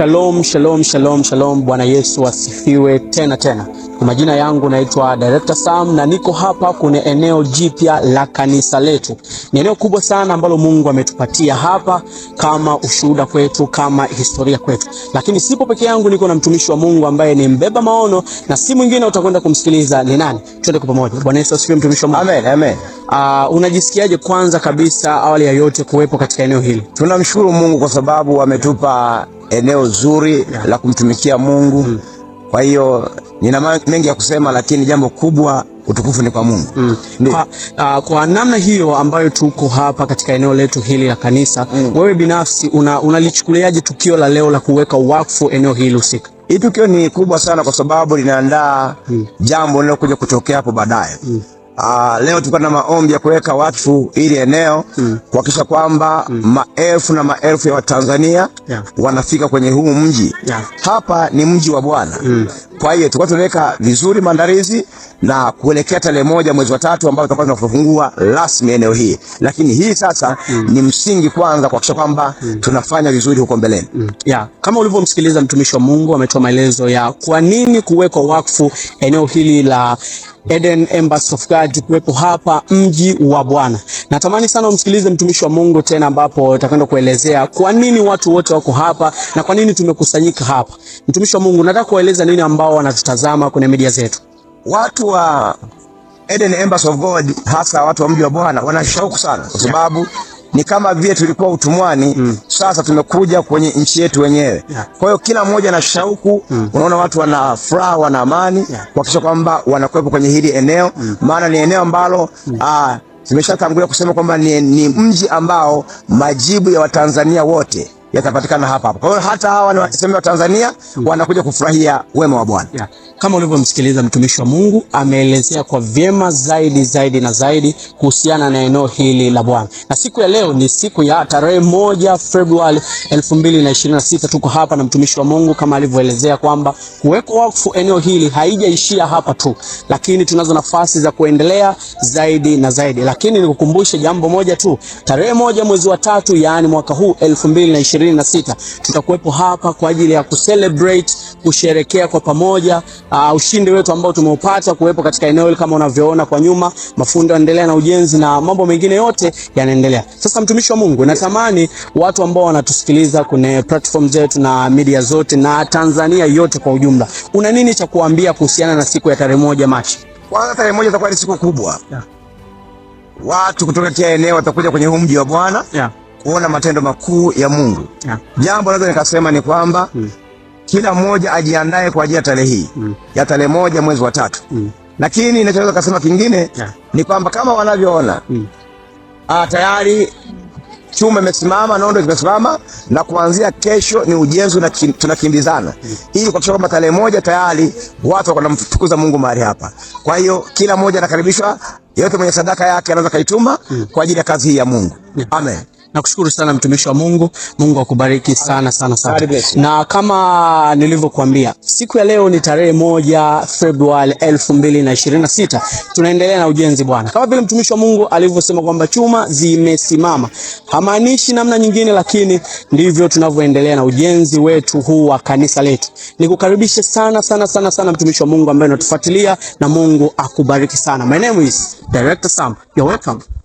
Shalom, shalom, shalom, shalom. Bwana Yesu asifiwe tena tena. Kwa majina yangu naitwa Director Sam na niko hapa kwenye eneo jipya la kanisa letu. Ni eneo kubwa sana ambalo Mungu ametupatia hapa kama ushuhuda kwetu, kama historia kwetu. Lakini sipo peke yangu, niko na mtumishi wa Mungu ambaye ni mbeba maono na si mwingine, utakwenda kumsikiliza ni nani. Twende kwa pamoja. Bwana Yesu asifiwe mtumishi wa Mungu. Amen, amen. Uh, unajisikiaje kwanza kabisa awali ya yote kuwepo katika eneo hili? Tunamshukuru Mungu kwa sababu ametupa eneo zuri la kumtumikia Mungu. Mm. Kwa hiyo nina mengi ya kusema, lakini jambo kubwa utukufu ni kwa Mungu. Mm. Kwa, uh, kwa namna hiyo ambayo tuko hapa katika eneo letu hili la kanisa mm. Wewe binafsi unalichukuliaje una tukio la leo la kuweka wakfu eneo hili husika? Hii tukio ni kubwa sana kwa sababu linaandaa mm. jambo linalokuja kutokea hapo baadaye mm. Aa, ah, leo tulikuwa na maombi ya kuweka wakfu ili eneo mm. kuhakikisha kwamba mm. maelfu na maelfu ya Watanzania yeah. wanafika kwenye huu mji yeah. Hapa ni mji wa Bwana mm. Kwa hiyo tulikuwa tunaweka vizuri maandalizi na kuelekea tarehe moja mwezi wa tatu ambao tutakuwa tunafungua rasmi eneo hili, lakini hii sasa mm. ni msingi kwanza kuhakikisha kwamba mm. tunafanya vizuri huko mbeleni mm. yeah. Kama ulivyomsikiliza mtumishi wa Mungu ametoa maelezo ya kwa nini kuwekwa wakfu eneo hili la Eden Embassy of God kuwepo hapa mji wa Bwana. Natamani sana umsikilize mtumishi wa Mungu tena, ambapo atakwenda kuelezea kwa nini watu wote wako hapa na kwa nini tumekusanyika hapa. Mtumishi wa Mungu, nataka kueleza nini ambao wanatutazama kwenye media zetu. Watu wa Eden Embassy of God, hasa watu wa mji wa Bwana, wana shauku sana kwa sababu yeah ni kama vile tulikuwa utumwani mm. Sasa tumekuja kwenye nchi yetu wenyewe yeah. Kwa hiyo kila mmoja na shauku mm. Unaona watu wana furaha, wana amani yeah. Kuhakikisha kwamba wanakuwepo kwenye hili eneo mm. Maana ni eneo ambalo mm. Ah, tumeshatangulia kusema kwamba ni, ni mji ambao majibu ya Watanzania wote yatapatikana hapa hapa. Kwa hiyo hata hawa ni wasemi wa Tanzania hmm. wanakuja kufurahia wema wa Bwana. Yeah. Kama ulivyomsikiliza mtumishi wa Mungu ameelezea kwa vyema zaidi zaidi na zaidi kuhusiana na eneo hili la Bwana. Na siku ya leo ni siku ya tarehe moja Februari 2026 tuko hapa na mtumishi wa Mungu kama alivyoelezea kwamba kuweko wakfu eneo hili haijaishia hapa tu, lakini tunazo nafasi za kuendelea zaidi na zaidi. Lakini nikukumbushe jambo moja tu, tarehe moja mwezi wa tatu, yaani mwaka huu 2026 26 tutakuwepo hapa kwa ajili ya kucelebrate kusherekea kwa pamoja uh, ushindi wetu ambao tumeupata kuwepo katika eneo hili kama unavyoona kwa nyuma, mafundo yanaendelea na ujenzi na mambo mengine yote yanaendelea. Sasa mtumishi wa Mungu, natamani watu ambao wanatusikiliza kwenye platform zetu na media zote na Tanzania yote kwa ujumla, una nini cha kuambia kuhusiana na siku ya tarehe moja Machi? Kwanza tarehe moja itakuwa ni siku kubwa yeah. Watu kutoka kila eneo watakuja kwenye huu mji wa Bwana yeah kuona matendo makuu ya Mungu. Ah. Jambo naweza nikasema ni kwamba mm. kila mmoja ajiandae kwa ajili ya tarehe hii mm. ya tarehe moja mwezi wa tatu mm. lakini nachoweza kasema kingine yeah. ni kwamba kama wanavyoona mm. tayari chuma imesimama, nondo zimesimama, na kuanzia kesho ni ujenzi na tunakimbizana mm. ili kuhakikisha kwamba tarehe moja tayari watu wanamtukuza Mungu mahali hapa. Kwa hiyo kila mmoja anakaribishwa, yote mwenye sadaka yake anaweza kaituma mm. kwa ajili ya kazi hii ya Mungu yeah. Hmm. Amen. Nakushukuru sana mtumishi wa Mungu. Mungu akubariki sana sana sana. Na kama nilivyokuambia, siku ya leo ni tarehe moja Februari 2026. Tunaendelea na ujenzi bwana. Kama vile mtumishi wa Mungu alivyosema kwamba chuma zimesimama. Hamaanishi namna nyingine, lakini ndivyo tunavyoendelea na ujenzi wetu huu wa kanisa letu. Nikukaribishe sana sana sana sana mtumishi wa Mungu ambaye unatufuatilia na Mungu akubariki sana. My name is Director Sam. You're welcome.